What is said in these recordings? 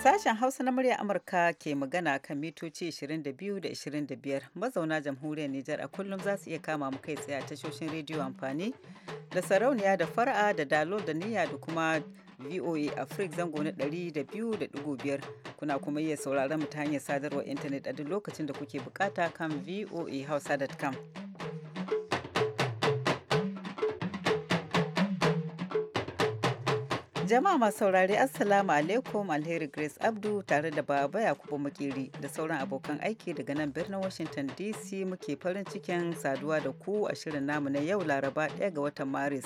Sashen Hausa na murya Amurka ke magana kan mitoci 22 da 25 mazauna jamhuriyar Nijar a kullum za su iya kama mu kai tsaye a tashoshin rediyo amfani da sarauniya da fara'a da dalo da niyya da kuma VOA Africa zango na 200.5 kuna kuma iya sauraron mu ta sadarwar intanet a duk lokacin da kuke bukata kan voahausa.com. Jama'a masu saurari Assalamu alaikum Alheri Grace Abdu tare da Baba Yakubu Makeri da sauran abokan aiki daga nan birnin Washington DC muke farin cikin saduwa da ku a shirin namu na yau Laraba 1 ga watan Maris.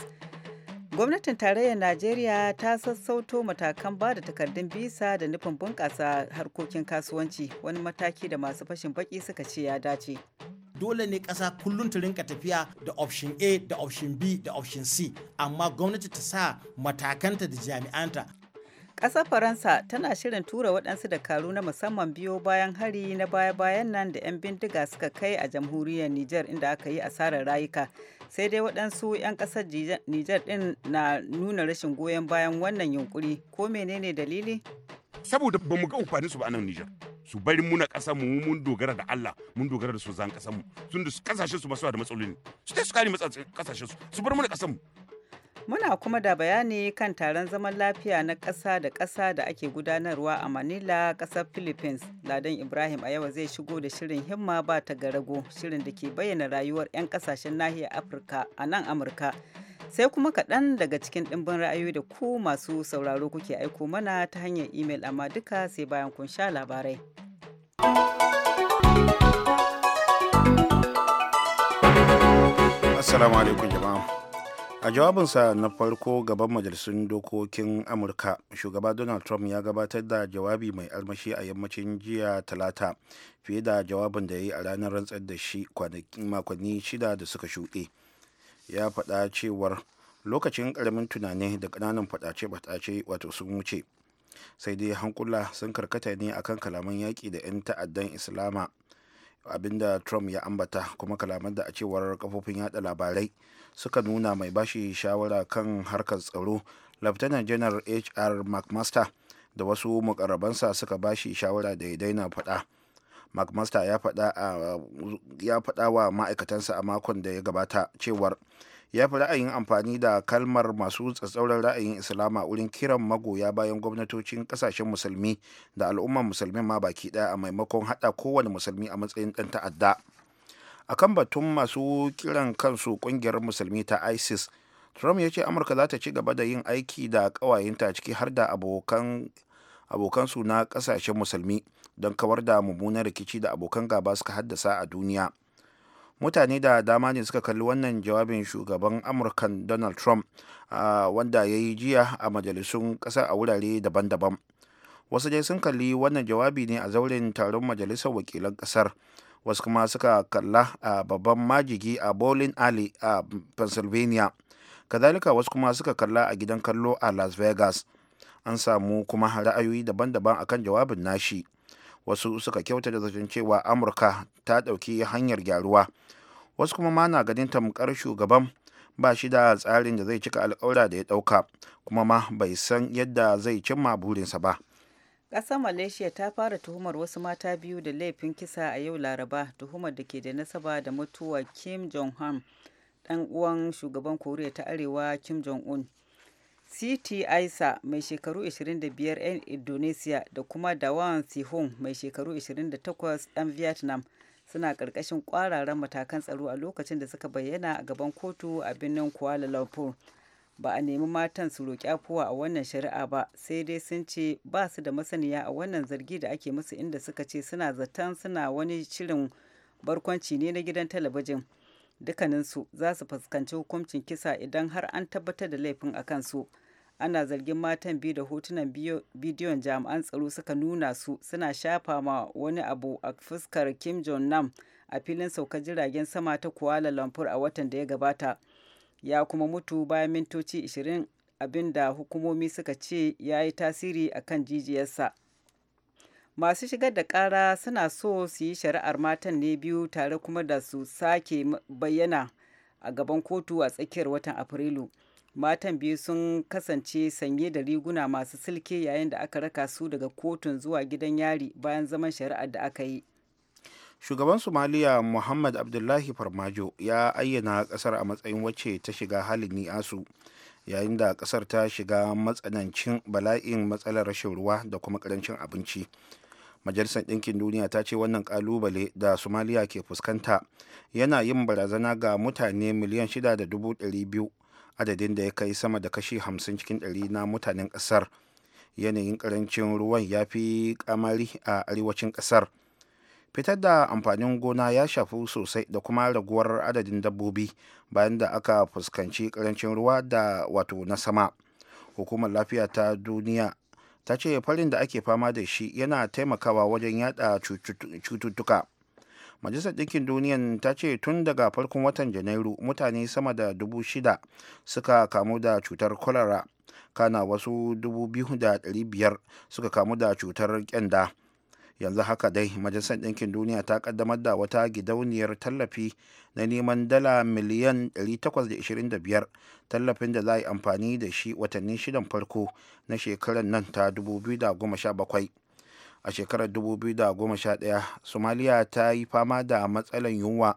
Gwamnatin tarayyar Najeriya ta sassauto matakan ba da takardun bisa da nufin bunƙasa harkokin kasuwanci wani mataki da masu fashin baki suka ce ya dace. dole ne kasa kullum ta rinka tafiya da option A da option B da option C amma gwamnati ta sa matakanta da jami'anta Ƙasar Faransa tana shirin tura waɗansu dakaru na musamman biyo bayan hari na baya-bayan nan da 'yan bindiga suka kai a jamhuriyar Nijar inda aka yi asarar rayuka. Sai dai waɗansu 'yan ƙasar Nijar ɗin na nuna rashin goyon bayan wannan yunkuri. Ko menene dalili? Saboda ba mu ga amfanin su ba nan Nijar. su bari muna ƙasa mu mun dogara da Allah mun dogara da su zan ƙasar mu tunda kasashen su ba su da matsaloli su dai su kare kasashen su su bari muna ƙasar mu Muna kuma da bayani kan taron zaman lafiya na ƙasa da ƙasa da ake gudanarwa a Manila, ƙasar Philippines. Ladan Ibrahim a yau zai shigo da shirin himma ba ta garago, shirin da ke bayyana rayuwar 'yan ƙasashen nahiyar Afirka a nan Amurka. Sai kuma kaɗan daga cikin ɗimbin ra'ayoyi da ku masu sauraro kuke aiko mana ta hanyar imel amma duka sai bayan kun sha labarai. Assalamu alaikum jama'a. A jawabinsa na farko gaban majalisun dokokin Amurka, shugaba Donald Trump ya gabatar da jawabi mai almashi a yammacin jiya talata fiye da jawabin da ya yi a ranar rantsar da shi makonni shida da suka shuɗe. Ya faɗa cewar lokacin ƙaramin tunani da ƙananan faɗace-faɗace wato sun wuce. sai dai hankula sun karkata ne akan kalaman yaƙi da 'yan ta'addan islama abinda trump ya ambata kuma kalaman da a cewar kafofin yada labarai suka nuna mai bashi shawara kan harkar tsaro lieutenant janar hr mcmaster da wasu mukarrabansa suka bashi shawara da ya daina faɗa mcmaster ya faɗa wa ma'aikatansa a makon da ya gabata cewar ya fi ra'ayin amfani da kalmar masu tsatsauran ra'ayin a wurin kiran magoya bayan gwamnatocin kasashen musulmi da al'ummar musulmin ma baki daya a maimakon hada kowane musulmi a matsayin dan ta'adda a kan batun masu kiran kansu kungiyar musulmi ta isis trump ya ce amurka za ta ci gaba da yin aiki da kawayenta ciki har da abokan abokansu na kasashen musulmi don kawar da mummunan rikici da abokan gaba suka haddasa a duniya mutane da dama ne suka kalli wannan jawabin shugaban amurkan donald trump wanda ya yi jiya a majalisun kasa a wurare daban-daban wasu dai sun kalli wannan jawabi ne a zauren taron majalisar wakilan kasar wasu kuma suka kalla a babban majigi a bowling alley a pennsylvania kazalika wasu kuma suka kalla a gidan kallo a las vegas an samu kuma ra'ayoyi daban-daban akan jawabin nashi wasu suka kyauta da zaton cewa amurka ta ɗauki hanyar gyaruwa wasu kuma ma na ganin tamkar shugaban ba shi da tsarin da zai cika alƙawura da ya ɗauka kuma ma bai san yadda zai cimma burinsa ba ƙasar malaysia ta fara tuhumar wasu mata biyu da laifin kisa a yau laraba tuhumar da ke da nasaba da mutuwa kim jong-un ɗan uwan shugaban koriya ta arewa kim jong-un Siti Aisa mai shekaru 25 'yan Indonesia da kuma Dawan Sihon mai shekaru 28 'yan Vietnam suna ƙarƙashin ƙwararren matakan tsaro a lokacin da suka bayyana a gaban kotu a birnin Kuala Lumpur. Ba a nemi matan su roƙi afuwa a wannan shari'a ba sai dai sun ce ba su da masaniya a wannan zargi da ake musu inda suka ce suna zaton suna wani shirin barkwanci ne na gidan talabijin. dukaninsu za su fuskanci hukuncin kisa idan har an tabbatar da laifin a kansu. su. ana zargin matan biyu da hotunan bidiyon jami'an tsaro suka nuna su suna shafa ma wani abu a fuskar kim jong nam a filin saukar jiragen sama ta kuala lumpur a watan da ya gabata ya kuma mutu bayan mintoci 20 abinda hukumomi suka ce ya yi tasiri a kan jijiyarsa masu shigar da kara suna so su yi shari'ar matan ne biyu tare kuma da su sake bayyana a gaban kotu a tsakiyar watan afrilu matan biyu sun kasance sanye da riguna masu silke yayin da aka raka su daga kotun zuwa gidan yari bayan zaman shari'ar da aka yi shugaban somaliya muhammad abdullahi farmajo ya ayyana kasar a matsayin wacce ta shiga halin asu yayin da kasar ta shiga matsanancin bala'in matsalar rashin ruwa da kuma karancin abinci majalisar ɗinkin duniya ta ce wannan kalubale da somaliya ke fuskanta yana yin barazana ga mutane miliyan biyu. adadin da ya kai sama da kashi hamsin cikin 100 na mutanen ƙasar yanayin ƙarancin ruwan ya fi ƙamari a arewacin ƙasar fitar da amfanin gona ya shafi sosai da kuma raguwar adadin dabbobi bayan da aka fuskanci ƙarancin ruwa da wato na sama hukumar lafiya ta duniya ta ce farin da ake fama da shi yana taimakawa wajen yada cututtuka majalisar ɗinkin duniya ta ce tun daga farkon watan janairu mutane sama da dubu shida suka kamu da cutar kwalara kana wasu dubu biyu da ɗari biyar suka kamu da cutar kyanda yanzu haka dai majalisar ɗinkin duniya ta kaddamar da wata gidauniyar tallafi na neman dala miliyan 825 tallafin da za a yi amfani da shi watanni shidan farko na shekarar nan ta 2017 a shekarar 2011 somaliya ta yi fama da matsalan yunwa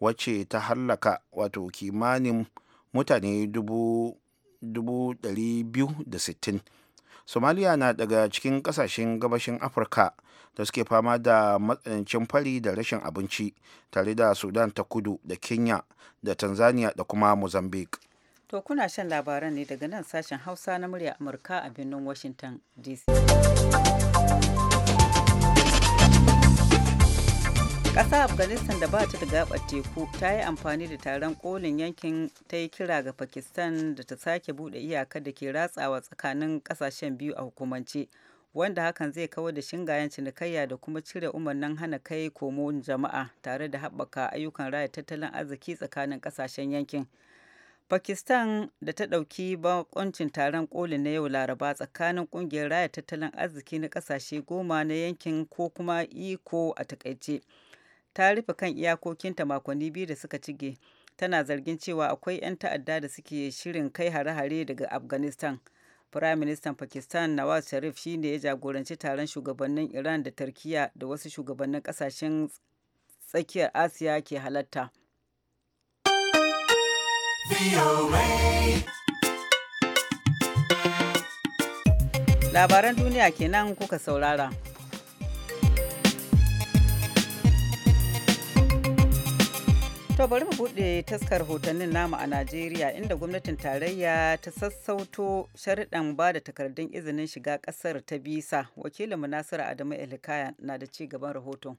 wacce ta hallaka wato kimanin mutane 260 somaliya na daga cikin kasashen gabashin afirka da suke fama da matsanancin fari da rashin abinci tare da sudan ta kudu da kenya da tanzania da kuma mozambique to kuna shan labaran ne daga nan sashen hausa na murya amurka a birnin washington dc ƙasa afghanistan da ba ta da gabar teku ta yi amfani da taron kolin yankin ta yi kira ga pakistan da ta sake bude iyaka da ke ratsawa tsakanin ƙasashen biyu a hukumance wanda hakan zai kawar da shingayen cinikayya da kuma cire umarnin hana kai komo jama'a tare da haɓaka ayyukan raya tattalin arziki tsakanin kasashen yankin pakistan da ta ɗauki bakoncin taron koli na yau laraba tsakanin ƙungiyar raya tattalin arziki na ƙasashe goma na yankin ko kuma iko a takaice ta rufe kan iyakokinta makonni biyu da suka cige tana zargin cewa akwai 'yan ta'adda da suke shirin kai hare-hare daga afghanistan firayim ministan pakistan nawaz sharif shine ya jagoranci taron shugabannin iran da turkiya da wasu shugabannin kasashen tsakiyar asiya ke halatta labaran duniya kenan kuka saurara To bari mu buɗe taskar hotonnin namu a Najeriya inda gwamnatin tarayya ta sassauto sharuɗan ba da takardun izinin shiga ƙasar ta bisa. Wakilin Nasiru Adamu Elikaya na da ci gaban rahoton.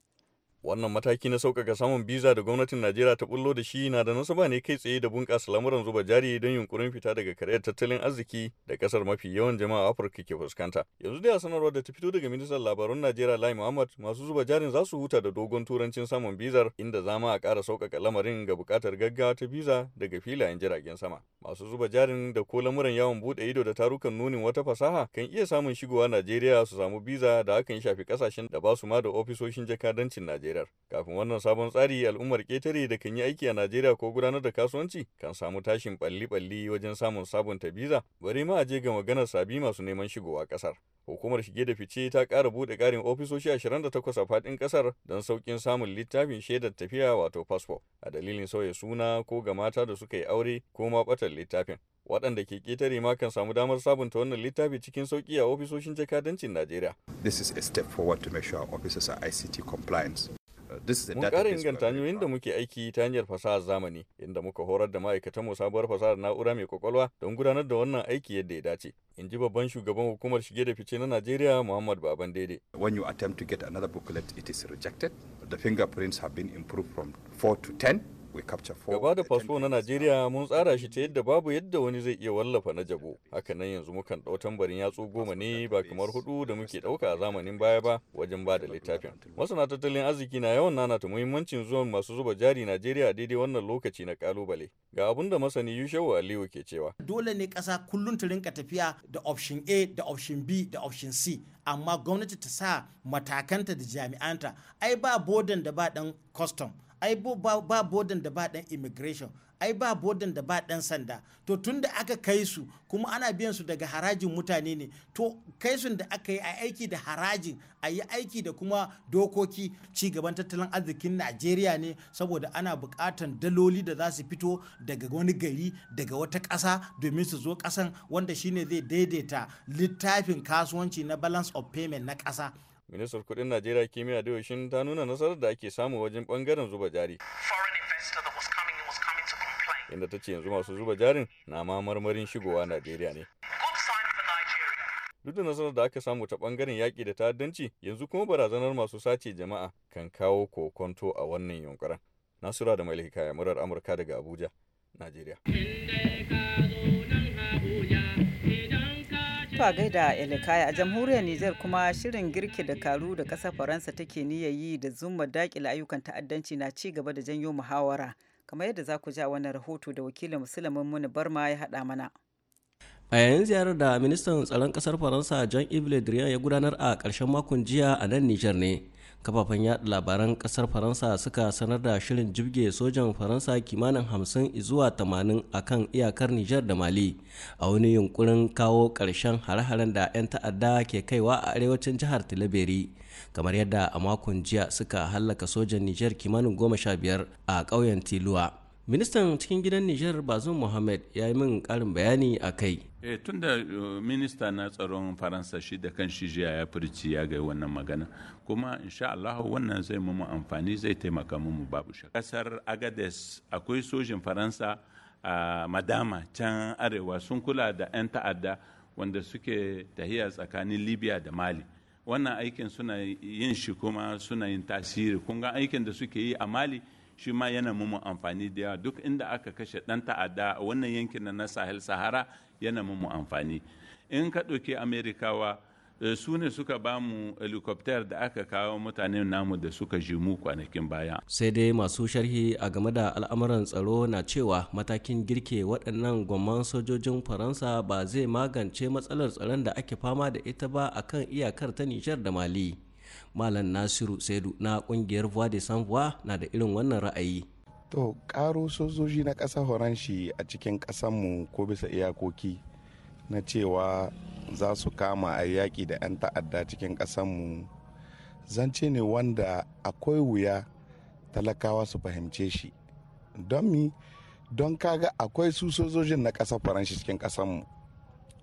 wannan mataki na sauƙaƙa samun biza da gwamnatin najeriya ta bullo da shi na da nasaba ne kai tsaye da bunƙasa lamuran zuba jari don yunkurin fita daga karyar tattalin arziki da ƙasar mafi yawan jama'a afirka ke fuskanta yanzu da sanarwar da ta fito daga ministan labarun najeriya lai muhammad masu zuba jarin za su huta da dogon turancin samun bizar inda za ma a ƙara sauƙaƙa lamarin ga buƙatar gaggawa ta biza daga filayen jiragen sama masu zuba jarin da ko lamuran yawon buɗe ido da tarukan nunin wata fasaha kan iya samun shigowa najeriya su samu biza da hakan shafi ƙasashen da ba su ma da ofisoshin jakadancin najeriya kujerar. Kafin wannan sabon tsari al'ummar ƙetare da kan yi aiki a Najeriya ko gudanar da kasuwanci kan samu tashin balli-balli wajen samun sabunta biza bari ma a je ga maganar sabi masu neman shigowa ƙasar. Hukumar shige da fice ta ƙara buɗe ƙarin ofisoshi 28 a faɗin ƙasar don sauƙin samun littafin shaidar tafiya wato fasfo a dalilin sauya suna ko ga mata da suka yi aure ko ma ɓatar littafin. waɗanda ke ƙetare ma kan samu damar sabunta wannan littafi cikin sauƙi a ofisoshin jakadancin Najeriya. This is a step forward to make sure our officers are ICT compliant. Mun ƙara inganta hanyoyin da muke aiki ta hanyar fasahar zamani inda muka horar da ma'aikatan mu sabuwar fasahar na'ura mai kwakwalwa don gudanar da wannan aiki yadda ya dace. In ji babban shugaban hukumar shige da fice na Najeriya Muhammad Baban daidai. When you attempt to get another booklet it is rejected. The fingerprints have been improved from 4 to 10. Gaba da fasfo na Najeriya mun tsara shi ta yadda babu yadda wani zai iya wallafa na jabo. Haka nan yanzu mukan ɗau tambarin yatsu goma ne ba kamar hudu da muke ɗauka a zamanin baya ba wajen ba da littafin. Masana tattalin arziki na yawan nanata muhimmancin zuwan masu zuba jari Najeriya daidai wannan lokaci na kalubale. Ga abun da masani Yushewu Aliyu ke cewa. Dole ne ƙasa kullum ta rinka tafiya da option A da option B da option C amma gwamnati ta sa matakanta da jami'anta ai ba bodan da ba dan custom ai ba bodan da ba dan immigration ai ba bodan da ba dan sanda to tunda aka kai su kuma ana biyan su daga harajin mutane ne to kai sun da aka yi a aiki da harajin a yi aiki da kuma dokoki ci gaban tattalin arzikin najeriya ne saboda ana bukatan daloli da za su fito daga wani gari daga wata ƙasa domin su zo ƙasan wanda shine zai daidaita littafin kasuwanci na balance of payment na ƙasa ministar kudin najeriya kimiyya da yaushin ta nuna nasarar da ake samu wajen bangaren zuba jari inda ta ce yanzu masu zuba jarin na ma marmarin shigowa najeriya ne duk da nasarar da aka samu ta bangaren yaƙi da ta'addanci yanzu kuma barazanar masu sace jama'a kan kawo kokonto a wannan yunkurin nasura da mai hikaya murar amurka daga abuja najeriya To a gaida Elekaya a jamhuriyar Nijar kuma shirin girki da karu da ƙasar Faransa take niyyar yi da zuma dakile ayyukan ta'addanci na ci gaba da janyo muhawara kamar yadda za ku ja wannan rahoto da wakilin musulmin muni barma ya haɗa mana. a yayin ziyarar da ministan tsaron kasar faransa jean yves le drian ya gudanar a ƙarshen makon jiya a nan nijar ne kafafen yaɗa labaran ƙasar faransa suka sanar da shirin jibge sojan faransa kimanin hamsin zuwa tamanin a kan iyakar nijar da mali a wani yunkurin kawo ƙarshen hare-haren da 'yan ta'adda ke kaiwa a arewacin jihar tilaberi kamar yadda a makon jiya suka hallaka sojan nijar kimanin goma sha biyar a ƙauyen tiluwa ministan cikin gidan nijar bazum muhammed ya yi min karin bayani a kai eh tun da eh, minista na tsaron faransa shi da kan shi jiya ya furci ya ga wannan magana kuma insha Allah wannan zai mu amfani zai taimaka mu babu shakka kasar agades akwai sojin faransa a madama can arewa sun kula da 'yan ta'adda wanda suke tahiya tsakanin libya da mali wannan aikin suna yin shi kuma suna yin tasiri kun ga aikin da suke yi a mali shi ma yana mumu amfani da yawa duk inda aka kashe ɗan ta'adda a wannan yankin na sahel sahara yana mumu amfani in ka ɗauki amerikawa eh, su ne suka ba mu helicopter da aka kawo mutane namu da suka ji mu kwanakin baya. Sai dai masu sharhi a game da al'amuran tsaro na cewa matakin girke waɗannan gwamman sojojin Faransa ba zai magance matsalar tsaron da ake fama da ita ba akan iyakar ta Nijar da Mali. malam nasiru saidu na kungiyar voix de sans voix na da irin wannan ra'ayi to karo sojoji na kasa horanshi a cikin ƙasanmu ko bisa iyakoki na cewa za su kama a yaƙi da 'yan ta'adda cikin ƙasanmu zance ne wanda akwai wuya talakawa su fahimce shi don mi don kaga akwai su sojojin na ƙasa faranshi cikin ƙasanmu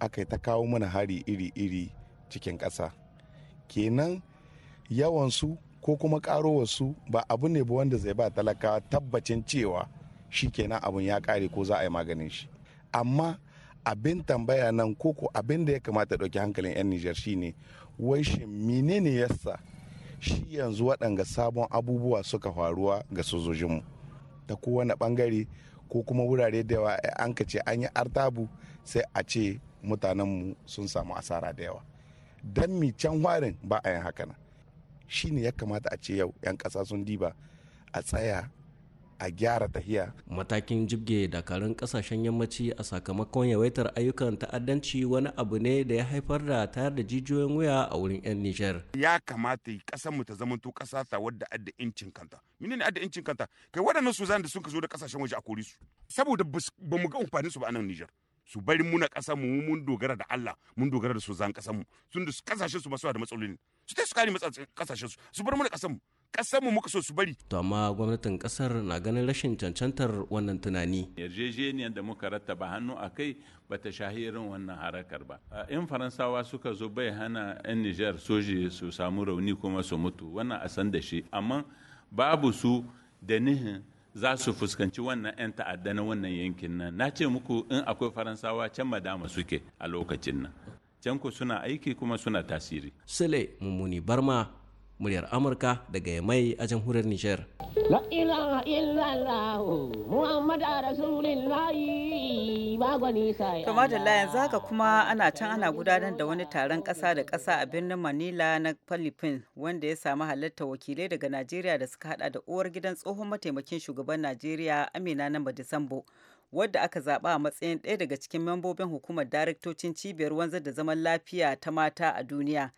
aka yi ta kawo mana hari iri-iri cikin ƙasa kenan yawansu ko kuma karowarsu ba abu ne ba wanda zai ba talakawa tabbacin cewa shi kenan abun ya kare ko za a yi maganin shi amma abin tambaya nan ko abin da ya kamata ɗauki hankalin 'yan nijar shine wai shi menene yasa shi yanzu waɗanga sabon abubuwa suka faruwa ga sojojinmu ta kowane ɓangare ko kuma wurare da yawa eh, an ka ce an yi artabu sai a ce mutanenmu sun samu asara da yawa don mi can warin ba a yin hakanan shine ya kamata a ce yau 'yan ƙasa sun diba a tsaya a gyara tahiya. Matakin jibge dakarun kasashen yammaci a sakamakon yawaitar ayyukan ta'addanci wani abu ne da ya haifar da tayar da jijiyoyin wuya a wurin 'yan Nijar. Ya kamata kasan mu ta zamanto kasa ta wadda adda incin kanta. Mene ne adda incin kanta? Kai waɗannan su zan da sun ka zo da kasashen waje a kori su. Saboda ba mu ga amfanin su ba a nan Nijar. su bari muna ƙasa mu mun dogara da Allah mun dogara da su zan ƙasar mu sun da kasashen su ba su da matsaloli su ta su kare matsa kasashen su su bar mana kasan mu mu muka so su bari to amma gwamnatin kasar na ganin rashin cancantar wannan tunani yarjejeniyar da muka rattaba hannu a kai bata shahi irin wannan harakar ba in faransawa suka zo bai hana yan niger soji su samu rauni kuma su mutu wannan a san da shi amma babu su da nihin za su fuskanci wannan 'yan ta'adda na wannan yankin nan na ce muku in akwai faransawa can madama suke a lokacin nan Janko suna aiki kuma suna tasiri. Sule Mummuni Barma muryar Amurka daga Yamai a jamhuriyar Nijar. La ilaha illallah Muhammad Rasulullah gwani yanzu haka kuma ana can ana gudanar da wani taron ƙasa da ƙasa a birnin Manila na Philippines wanda ya samu halartar wakilai daga Najeriya da suka hada da uwar gidan tsohon mataimakin shugaban Najeriya Amina na madisambo. wadda aka zaɓa a matsayin ɗaya daga cikin membobin hukumar daraktocin cibiyar wanzar da zaman lafiya ta mata a duniya.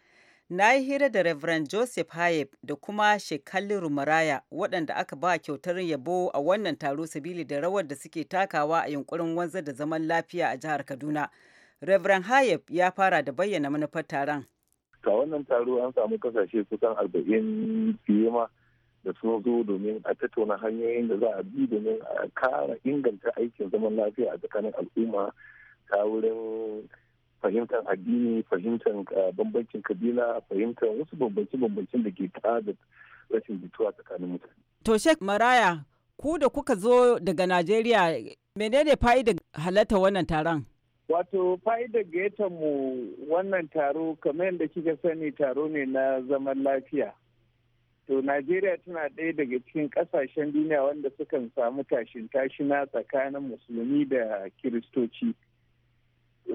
Na yi hira da Reverend Joseph Hayeb da kuma shekali Rumaraya waɗanda aka ba kyautar yabo a wannan taro sabili da rawar da suke takawa a yunkurin wanzar da zaman lafiya a jihar Kaduna. Reverend Hayeb ya fara da bayyana manufar taron. Ka wannan taro an samu kasashe kusan arba'in fiye ma da sun zo domin a tattauna hanyoyin da za a bi domin a kara inganta aikin zaman lafiya a tsakanin al'umma ta wurin fahimtar addini fahimtar ah, bambancin kabila fahimtar wasu bambance-bambancen da ke da rashin jituwa tsakanin mutane. To shek Maraya, ku da kuka zo daga Najeriya menene fa'idar halatta wannan taron? Wato fa'idar gayyatar mu wannan taro kamar yadda kika sani taro ne na zaman lafiya. to najeriya tana ɗaya daga cikin ƙasashen duniya wanda sukan samu tashin tashina tsakanin musulmi da kiristoci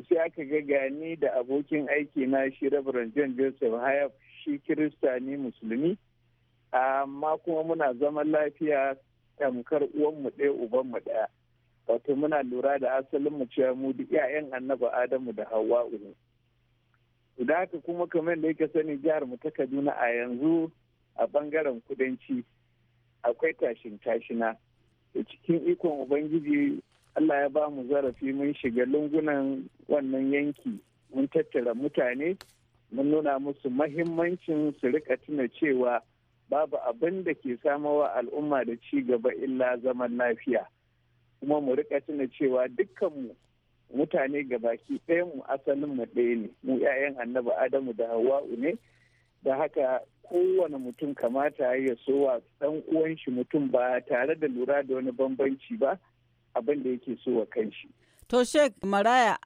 sai aka ga gani da abokin aiki na shi rabaran john joseph hayab shi kirista ne musulmi amma kuma muna zaman lafiya tamkar uwanmu ɗaya ubanmu ɗaya wato muna lura da asalin mu cewa mu duk 'ya'yan Annabi adamu da hawa'u ne da haka kuma kamar da yake sani jihar mu ta kaduna a yanzu a bangaren kudanci akwai tashin tashina da cikin ikon ubangiji allah ya ba mu zarafi mun shiga lungunan wannan yanki mun tattara mutane mun nuna musu mahimmancin su rika tuna cewa babu abin da ke samawa al'umma da ci gaba illa zaman lafiya kuma mu rika tuna cewa dukkanmu mutane gabaki baki mu asalin mu ɗaya ne mu 'ya'yan annabi adamu da hawa'u ne da haka kowane mutum kamata ya so wa ɗan uwan shi mutum ba tare da lura da wani bambanci ba abin da yake so wa kanshi. To Sheikh Maraya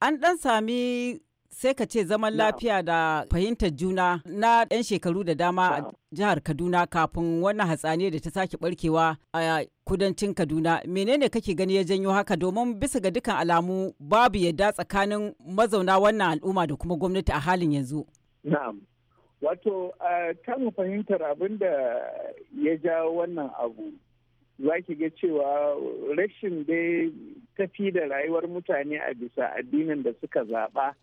an ɗan sami sai ka ce zaman lafiya da fahimtar juna na 'yan shekaru da dama a jihar Kaduna kafin wannan hatsaniya da ta sake barkewa a kudancin Kaduna. Menene kake gani ya janyo haka domin bisa ga dukkan alamu babu yadda tsakanin mazauna wannan al'umma da kuma gwamnati a halin yanzu. Na'am. Wato, kan fahimtar abin da ya ja wannan abu, za ki ga cewa rashin dai tafi da rayuwar mutane a bisa addinin da suka zaɓa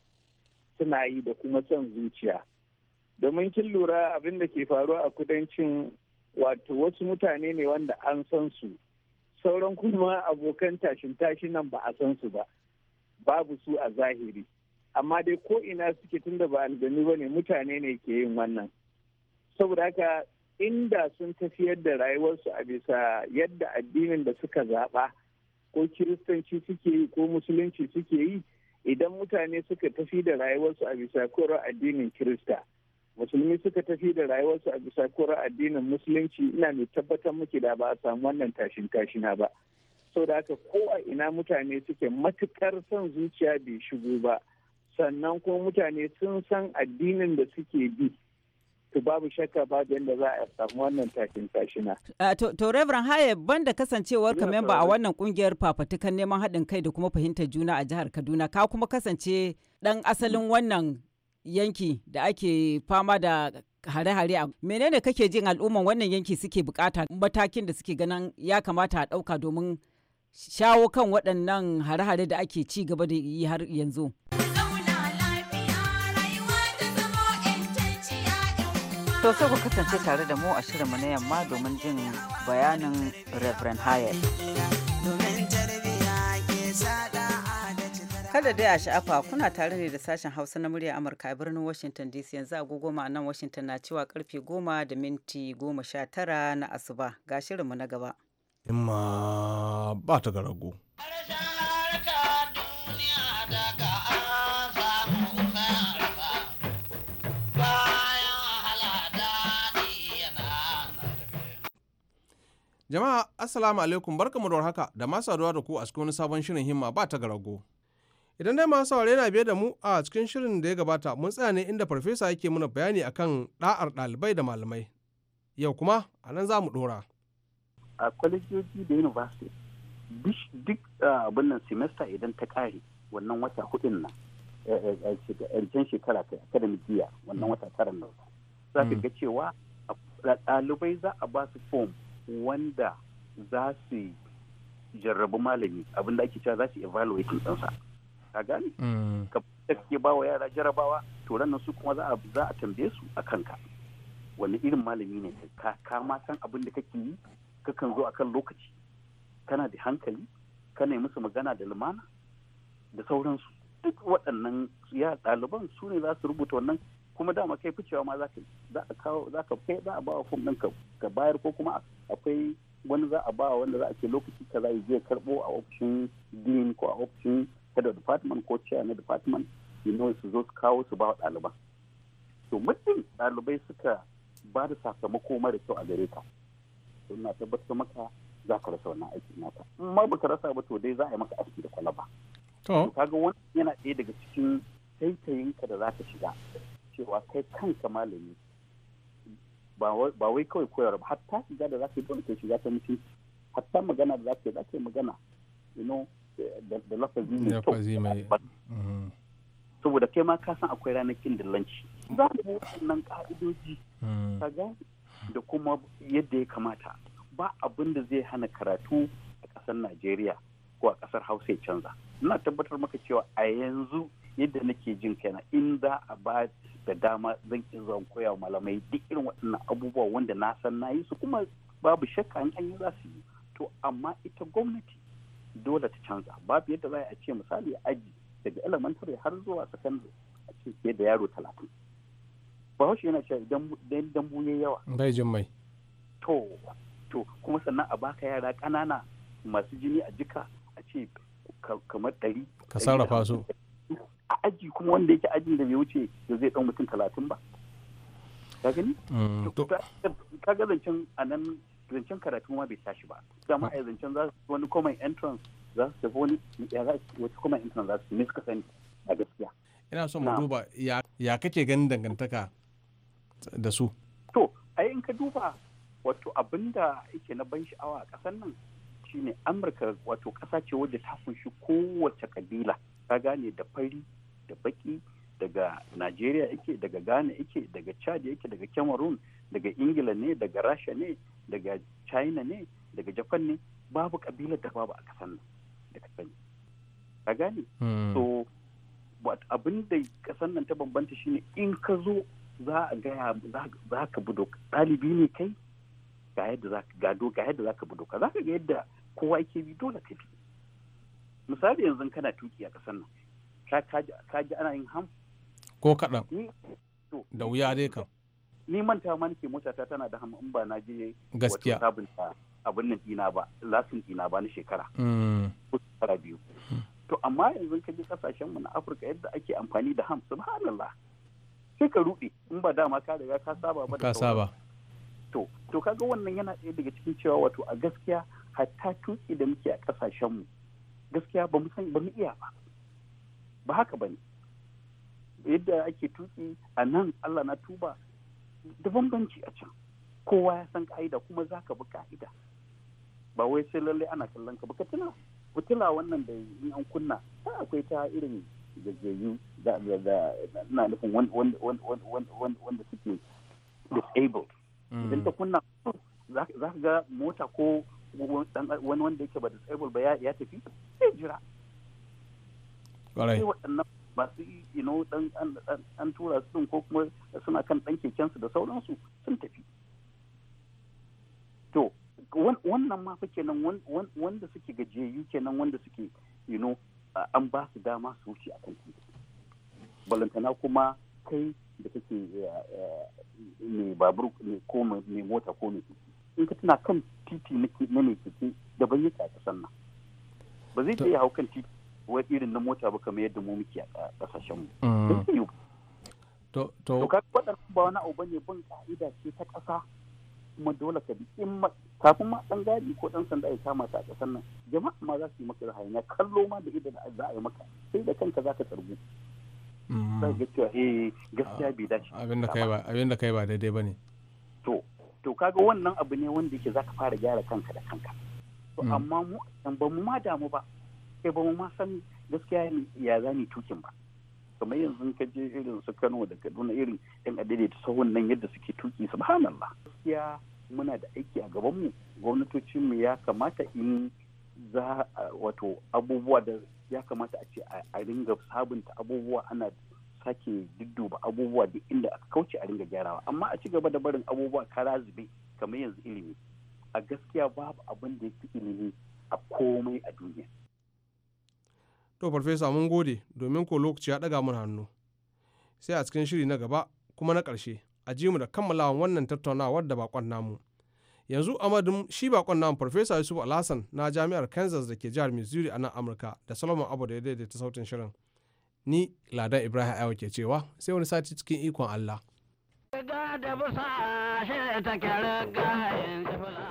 suna yi da kuma son zuciya. Domin kin lura abin da ke faruwa a kudancin wato wasu mutane ne wanda an san su, sauran kuma abokan tashin nan ba a san su ba, babu su a zahiri. amma dai ko ina suke tunda ba aljanu ba ne mutane ne ke yin wannan saboda haka inda sun tafiyar da rayuwarsu a bisa yadda addinin da suka zaɓa ko kiristanci suke yi ko musulunci suke yi idan mutane suka tafi da rayuwarsu a bisa kora addinin kirista musulmi suka tafi da rayuwarsu a bisa kora addinin musulunci ina mai tabbatar muke da ba a samu wannan tashin tashina ba sau da haka ko a ina mutane suke matukar son zuciya bai shigo ba sannan kuma mutane sun san addinin da suke bi to babu shakka ba babu yadda za a samu wannan takin tashina. To Reverend Haye banda kasancewar ka memba a wannan kungiyar fafatukan neman haɗin kai da kuma fahimtar juna a jihar Kaduna ka kuma kasance ɗan asalin wannan yanki da ake fama da hare-hare a menene kake jin al'umman wannan yanki suke bukata matakin da suke ganin ya kamata a ɗauka domin shawo kan waɗannan hare-hare da ake ci gaba da yi har yanzu. To sai ku kasance tare da mu a shirinmu na yamma domin jin bayanin Reverend Hayat. Kada dai a sha'afa kuna tare ne da sashen Hausa na murya Amurka a birnin Washington DC yanzu agogo nan Washington na cewa karfe goma da minti goma sha tara na asuba ga shirinmu na gaba. Imma ba ta garago. Jama'a Assalamu alaikum barkamu da haka da masu saduwa da ku a cikin wani sabon shirin himma ba ta garago. Idan dai masu saurare na biye da mu a cikin shirin da ya gabata mun tsaya ne inda farfesa yake muna bayani akan da'ar ɗalibai da malamai. Yau kuma a nan za mu ɗora. A kwalejoji da university duk ah, abin nan semester idan ta kare wannan wata hudun nan cikin eh, eh, eh, shekara ta academic year wannan wata tara nan za ka mm. ga cewa ɗalibai za a ba su form wanda za su jarrabu malami abin da ake cewa za su evaluate ɗansa ka gane mm. ka kake ba wa yara jarrabawa to ranar su kuma za a tambaye su a kanka wani irin malami ne ka ka ma san abin da kake yi kan zo akan lokaci kana da hankali kana yi musu magana da lumana da sauransu duk waɗannan ya ɗaliban su ne za su rubuta wannan kuma dama kai ficewa ma za ka kawo za ka kai za a ba wa fom ɗinka ka bayar ko kuma akwai wani za a ba wanda za a ce lokaci ka za zai karɓo a ofishin dean ko a ofishin head of department ko chair na department you know su zo su kawo su ba wa ɗaliban to muddin ɗalibai suka ba da sakamako mara kyau a gare ka to na tabbatar maka za ka rasa wannan aiki naka in ma baka rasa ba to dai za a yi maka aiki da kwalaba to kaga wannan yana ɗaya daga cikin taitayinka da za ka shiga cewa kai kanka malami ba wai kawai koyar ba hatta shiga da za ka yi dole ka shiga ta mutum hatta magana da za ka yi za yi magana da lafazi mai kyau mm-hmm. saboda kai ma ka san akwai ranakin dillanci za mu yi wannan ka'idoji mm. kaga da kuma yadda ya kamata ba abin da zai hana karatu a ƙasar najeriya ko a ƙasar hausa ya canza ina tabbatar maka cewa a yanzu yadda nake jin kaina in za a ba da dama zan in zan koya malamai duk irin waɗannan abubuwa wanda na san na yi su kuma babu shakka an yi za su yi to amma ita gwamnati dole ta canza babu yadda za a ce misali aji daga elementary har zuwa secondary a ce fiye da yaro talatin bahaushe yana cewa idan dambu ya yawa bai jin mai to to kuma sannan a baka yara ƙanana masu jini a jika a ce kamar ɗari ka sarrafa su a aji kuma wanda yake ajin da bai wuce da zai dan mutum talatin ba ka gani mm, ka ga zancen a nan zancen karatu ma bai tashi ba dama a zancen za su wani common entrance za su tafi wani wata common entrance za su ne suka sani a gaskiya ina son mu duba ya kake ganin dangantaka da su to ai in ka duba wato abin da yake na ban sha'awa a kasar nan shine amurka wato kasa ce wadda ta kunshi kowace kabila ta gane da fari da baki daga najeriya yake daga ghana yake daga chad yake daga cameroon daga ingila ne daga rasha ne daga china ne daga japan ne babu kabilar da babu a kasan nan da kasan ka gane hmm. so abin da kasan nan ta bambanta shine in ka zo za a gaya za ka budo Dalibi ne kai ga yadda za ka gado ga yadda za ka budo ka za ka ga yadda kowa yake bi dole ka bi misali yanzu kana tuki a kasan nan kaji ana yin ham ko kaɗan da wuya dai kan ni manta ma nake mota ta tana da ham in ba na je gaskiya sabunta abin nan dina ba lasin dina ba na shekara mm. ko shekara biyu mm. to amma yanzu ka je kasashen mu na Afirka yadda ake amfani da ham subhanallah sai ka rude in ba dama ka riga ka saba ba ka saba to to kaga wannan yana ɗaya daga cikin cewa wato a gaskiya hatta tuki da muke a kasashen mu gaskiya ba mu san ba mu iya ba ba haka ba ne yadda ake tuki a nan allah na tuba da bambanci a can kowa ya san ka'ida kuma za ka bi ka'ida ba wai sai lallai ana kallon ka ba tuna fitila wannan da yi an kunna ta akwai ta irin gajiyayyu da na nufin wanda suke disabled mm. idan ta kunna za ka ga mota ko wani wanda yake ba disabled ba ya tafi sai jira sai waɗannan masu ino an tura su ko kuma suna kan ɗan kekensu da sauransu sun tafi to wannan ma fa kenan wanda suke gajiyayyu kenan wanda suke ino an ba su dama su wuce akan titi balantana kuma kai da kake eh, eh, mai babur ko mai mota ko mai titi in ka kan titi na mai titi daban yake a kasan nan ba zai iya hau kan titi wai irin na mota ba kamar yadda mu muke a kasashen mu mm. to to ka faɗa ba wani abu bane bin ka'ida ce ta ƙasa kuma dole ka bi in kafin ma dan gadi ko dan sanda ya kama ta a ƙasar nan jama'a ma za su yi maka rahayya kallo ma da idan za a yi maka sai da kanka za ka tsargu mm. za ka eh gaskiya bai dace kai ba abinda kai ba daidai to to kaga wannan abu ne wanda yake za ka fara gyara kanka da kanka to mm. amma mu ba mu ma damu ba sai ba mu ma san gaskiya ya za tukin ba kamar yanzu ka je irin su Kano da Kaduna irin yan adaidaita sahun nan yadda suke tuki subhanallah gaskiya muna da aiki a gaban mu gwamnatocin mu ya kamata in za wato abubuwa da ya kamata a ce a ringa sabunta abubuwa ana sake dudduba abubuwa duk inda aka kauce a ringa gyarawa amma a ci gaba da barin abubuwa kara zube kamar yanzu ilimi a gaskiya babu abin da ya fi ilimi a komai a duniya To farfesa mun gode domin ko lokaci ya daga mun hannu. Sai a cikin shiri na gaba kuma na ƙarshe a ji mu da kammalawan wannan tattaunawar da bakon namu. Yanzu amadin shi bakon namu farfesa Yusuf Alhassan na jami'ar Kansas da ke jihar Missouri a nan Amurka da salomon Abu da ya daidaita sautin shirin. Ni Ladan Ibrahim Ayo ke cewa sai wani sati cikin ikon Allah.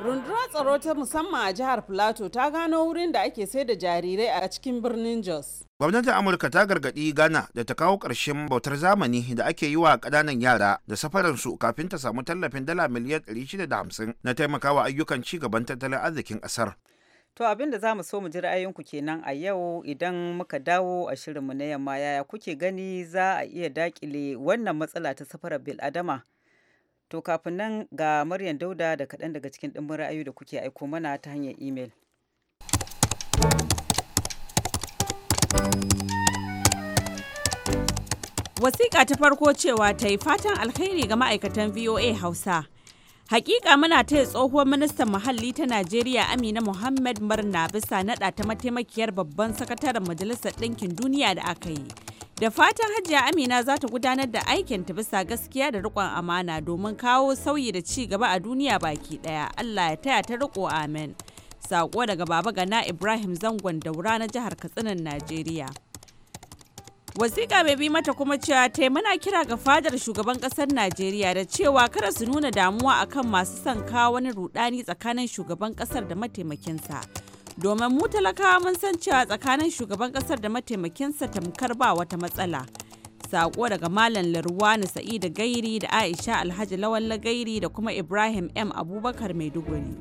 Rundunar tsaro ta musamman a jihar Filato ta gano wurin da ake sai da jarirai a cikin birnin Jos. Gwamnatin Amurka ta gargaɗi Ghana da ta kawo ƙarshen bautar zamani da ake yi wa ƙananan yara da safararsu kafin ta samu tallafin dala miliyan 650 na taimakawa ayyukan ci gaban tattalin arzikin ƙasar. To abin da za mu so mu ji ra'ayinku kenan a yau idan muka dawo a shirinmu na yamma yaya kuke gani za a iya daƙile wannan matsala ta safarar bil'adama. To kafin nan ga Maryam Dauda da kaɗan daga cikin ɗin ra'ayoyi da kuke aiko mana ta hanyar imel. Wasiƙa ta farko cewa ta yi fatan alkhairi ga ma'aikatan VOA Hausa. Hakika muna taya tsohuwar ministan muhalli ta Najeriya Amina Muhammad murna bisa naɗa ta mataimakiyar babban sakataren Majalisar Ɗinkin Duniya da aka yi. Da fatan Hajiya Amina za ta gudanar da aikinta bisa gaskiya da riƙon amana domin kawo sauyi da ci gaba a duniya baki ɗaya. Allah ya taya ta riƙo amen. saƙo daga Baba Gana Ibrahim Zangon Daura na jihar Katsinan Najeriya. wasiƙa bai bi mata kuma cewa ta muna kira ga fadar shugaban ƙasar najeriya da cewa kada su nuna damuwa akan masu son kawo wani rudani tsakanin shugaban ƙasar da mataimakinsa. domin mu talakawa mun san cewa tsakanin shugaban kasar da mataimakinsa tamkar ba wata matsala sako daga malam larwani sa'idu gairi da aisha alhaji lawalla gairi da kuma ibrahim m abubakar maiduguri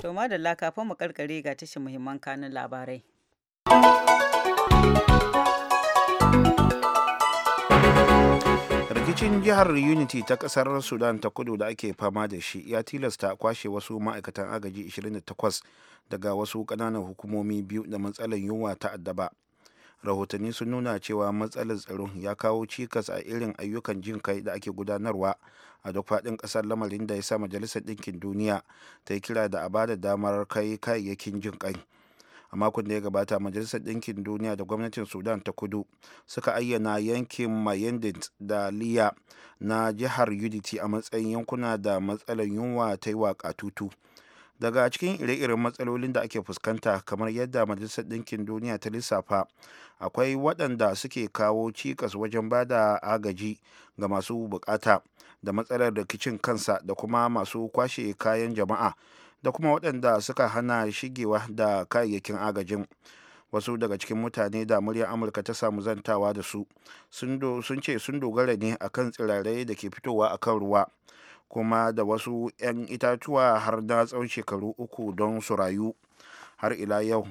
to da kafin mu karkare ga tashin muhimman kanun labarai rikicin jihar unity ta kasar sudan ta kudu da ake fama da shi ya tilasta kwashe wasu ma'aikatan agaji 28 daga wasu kananan hukumomi biyu da matsalar yunwa ta addaba rahotanni sun nuna cewa matsalar tsaro ya kawo cikas a irin ayyukan jin kai da ake gudanarwa a duk faɗin ƙasar lamarin da ya sa majalisar ɗinkin duniya ta yi kira da a bada damar kai kayayyakin jin kai a makon da ya gabata majalisar ɗinkin duniya da gwamnatin sudan ta kudu suka ayyana yankin mayendit da liya na jihar unity a matsayin yankuna da matsalar yunwa ta yi wa katutu daga cikin ire-iren matsalolin da ake fuskanta kamar yadda majalisar ɗinkin duniya ta lissafa akwai waɗanda suke kawo cikas wajen ba da agaji ga masu bukata da matsalar rikicin kansa da kuma masu kwashe kayan jama'a da kuma waɗanda suka hana shigewa da kayayyakin agajin wasu daga cikin mutane da muryar amurka ta samu zantawa da su sun ce sun dogara ne akan tsirrai da ke fitowa akan ruwa kuma da wasu 'yan itatuwa har na tsawon shekaru uku don su rayu har ila yau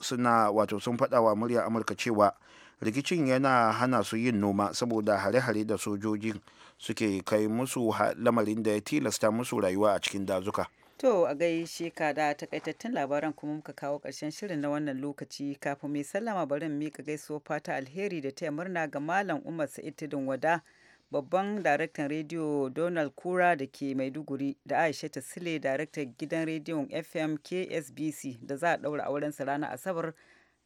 suna wato sun faɗa wa muryar amurka cewa rikicin yana hana su yin noma saboda hare-hare da sojoji suke kai musu lamarin da ya tilasta musu rayuwa a cikin dazuka. To a gaishe ka da takaitattun labaran kuma muka kawo ƙarshen shirin na wannan lokaci kafin mai sallama bari mu mika gaisuwar fata alheri da taya murna ga Malam Umar Sa'id Tudun Wada babban daraktan rediyo Donald Kura da ke Maiduguri da Aisha ta Sile daraktan gidan rediyon FM KSBC da za a ɗaura aurensa ranar Asabar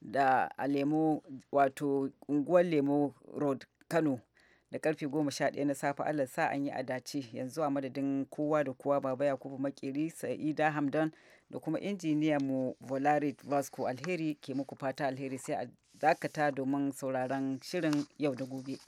da a lemo wato unguwar lemo road Kano da karfe 11 na safe Allah sa an yi a dace yanzu a madadin kowa da kowa baba Yakubu Makiri Sa'ida Hamdan da kuma injiniya mu Volarit Vasco Alheri ke muku fata alheri sai a dakata domin sauraron shirin yau da gobe.